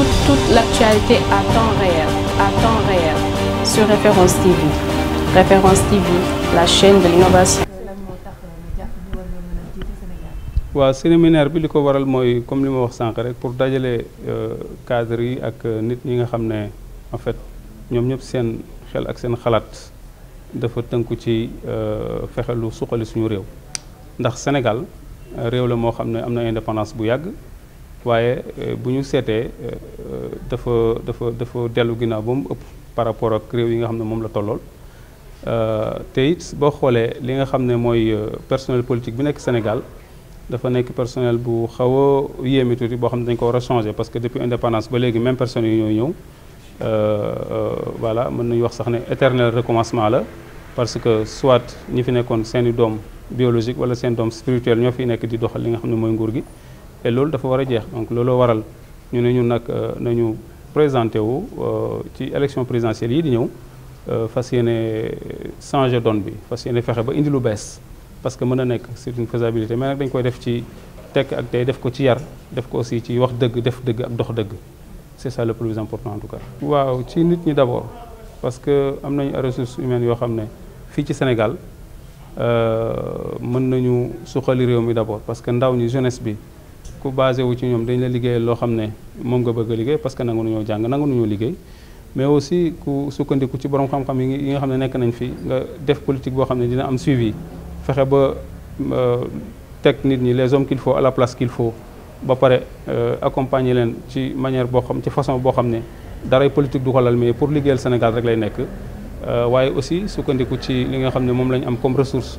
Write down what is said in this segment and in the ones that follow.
toute, toute l'actualité à temps réel, à temps réel, sur Référence TV. Référence TV, la chaîne de l'innovation. waaw séminaire bi li ko waral mooy comme li ma wax sànq rek pour dajale euh, yi ak euh, nit ñi nga xam en fait ñom ñep seen xel ak seen xalat dafa tënku ci euh fexelu suxali suñu réew ndax Sénégal euh, réew la mo xamné ne am na indépendance bu yagg waaye euh, bu ñu seetee euh, dafa dafa dafa dellu ginnaaw ba mu ëpp par rapport ak réew yi nga xam ne moom la tollool euh, te it boo xoolee li nga xam ne mooy personnel politique bi nekk Sénégal dafa nekk personnel bu xaw a yéeme tuuti boo xam ne dañu ko war a changer parce que depuis indépendance ba léegi même personnes yi ñoo ñëw voilà mën nañu wax sax ne éternel recommencement la parce que soit ñi fi nekkoon seeni doom biologique wala seen doom spirituel ñoo fi nekk di doxal li nga xam ne mooy nguur gi et loolu dafa war a jeex donc looloo waral ñu ne ñun nag euh, nañu présenté wu euh, ci élection présidentielle yi di ñëw euh, fas yéene changer donne bi fas yéene fexe ba indi lu bees parce que mën na nekk c'est une faisabilité mais nag dañ koy def ci tekk ak tey def ko ci yar def ko aussi ci wax dëgg def dëgg ak dox dëgg c'est ça le plus important en tout cas. waaw ci nit ñi d'abord parce que am nañu ressources humaines yoo xam ne fii ci Sénégal mën nañu suqali réew mi d'abord parce que ndaw ñi jeunesse bi. ku basé wu ci ñoom dañ la liggéeyal loo xam ne moom nga bëgg a liggéey parce que nangu nañoo jàng nangu nañoo liggéey mais aussi ku sukkandiku ci borom xam-xam yi nga xam ne nekk nañ fi nga def politique boo xam ne dina am suivi fexe ba euh, teg nit ñi les hommes qu'il faut à la place qu'il faut ba pare euh, accompagner leen ci manière boo xam ci façon boo xam ne daray politique du ko lal pour liggéeyal Sénégal rek lay nekk euh, waaye aussi sukkandiku ci li nga xam ne moom lañ am comme ressource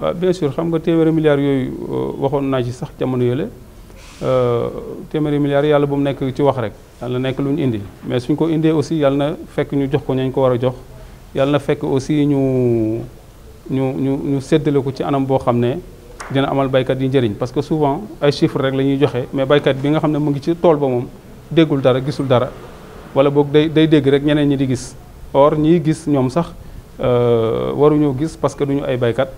waaw ah, bien sûr xam nga téeméeri milliards yooyu euh, waxoon naa ci sax jamono yële euh, téeméeri milliards yàlla bu mu nekk ci wax rek yàlla nekk lu ñu indi mais suñ ko indee aussi yàlla na fekk ñu jox ko ñañ ko war a jox yàlla na fekk aussi ñu ñu ñu ñu séddale ko ci anam boo xam ne dina amal baykat yi njëriñ parce que souvent ay chiffres rek la ñuy joxe mais baykat bi nga xam ne mu ngi ci tool ba moom déggul dara gisul dara wala boog day day dégg rek ñeneen ñi di gis or ñiy gis ñoom sax euh, waruñoo gis parce que duñu ay baykat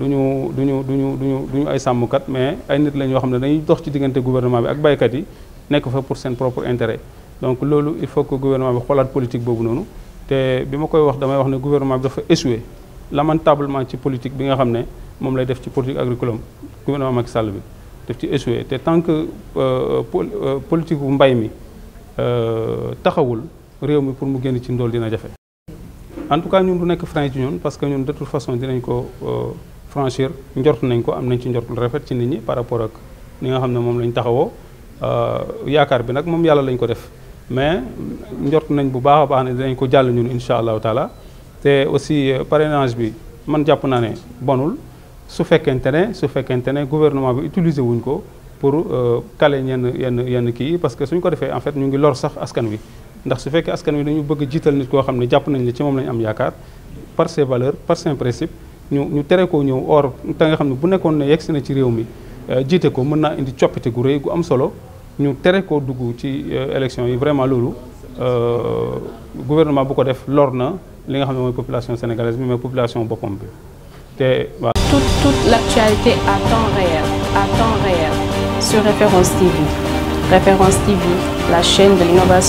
du duñu duñu duñu duñu ñu ay sàmmkat mais ay nit lañ yoo xam ne dañuy dox ci diggante gouvernement bi ak baykat yi nekk fa pour seen propre intérêt donc loolu il faut que gouvernement bi xoolaat politique boobu noonu te bi ma koy wax damay wax ne gouvernement bi dafa échoué lamentablement ci politique bi nga xam ne moom lay def ci politique agricole gouvernement Macky Sall bi daf ci échoué te tant que euh, euh, politique bu mbay mi euh, taxawul réew mi pour mu génn ci ndool dina jafe en tout cas ñun du nekk frein ci ñun parce que ñun de toute façon dinañ ko franchir njort nañ ko am nañ ci njortul rafet ci nit ñi par rapport ak ni nga xam ne moom lañ taxawoo euh, yaakaar bi nag moom yàlla lañ ko def mais njort nañ bu baax a baax ne dinañ ko jàll ñun incha allah taala te aussi euh, parrainage bi man jàpp naa ne bonul su fekkente ne su fekkente ne gouvernement bi utiliser wuñ ko pour caler euh, yenn yenn yenn kii parce que suñ ko defee fait ñu ngi lor sax askan wi ndax su fekkee askan wi dañu bëgg jiital nit koo xam ne jàpp nañ la ci moom lañ am yaakaar par ses valeurs par ses ñu ñu tere ko ñëw or ta nga xam bu nekkoon ne yex na ci réew mi euh, jité ko mëna indi coppite gu rëy gu am solo ñu tere ko duggu ci euh, élection yi vraiment euh gouvernement bu ko def lorna li nga xam moy population sénégalaise mais population bopom bi té toute toute l'actualité à temps réel à temps réel sur Référence TV Référence TV la chaîne de l'innovation.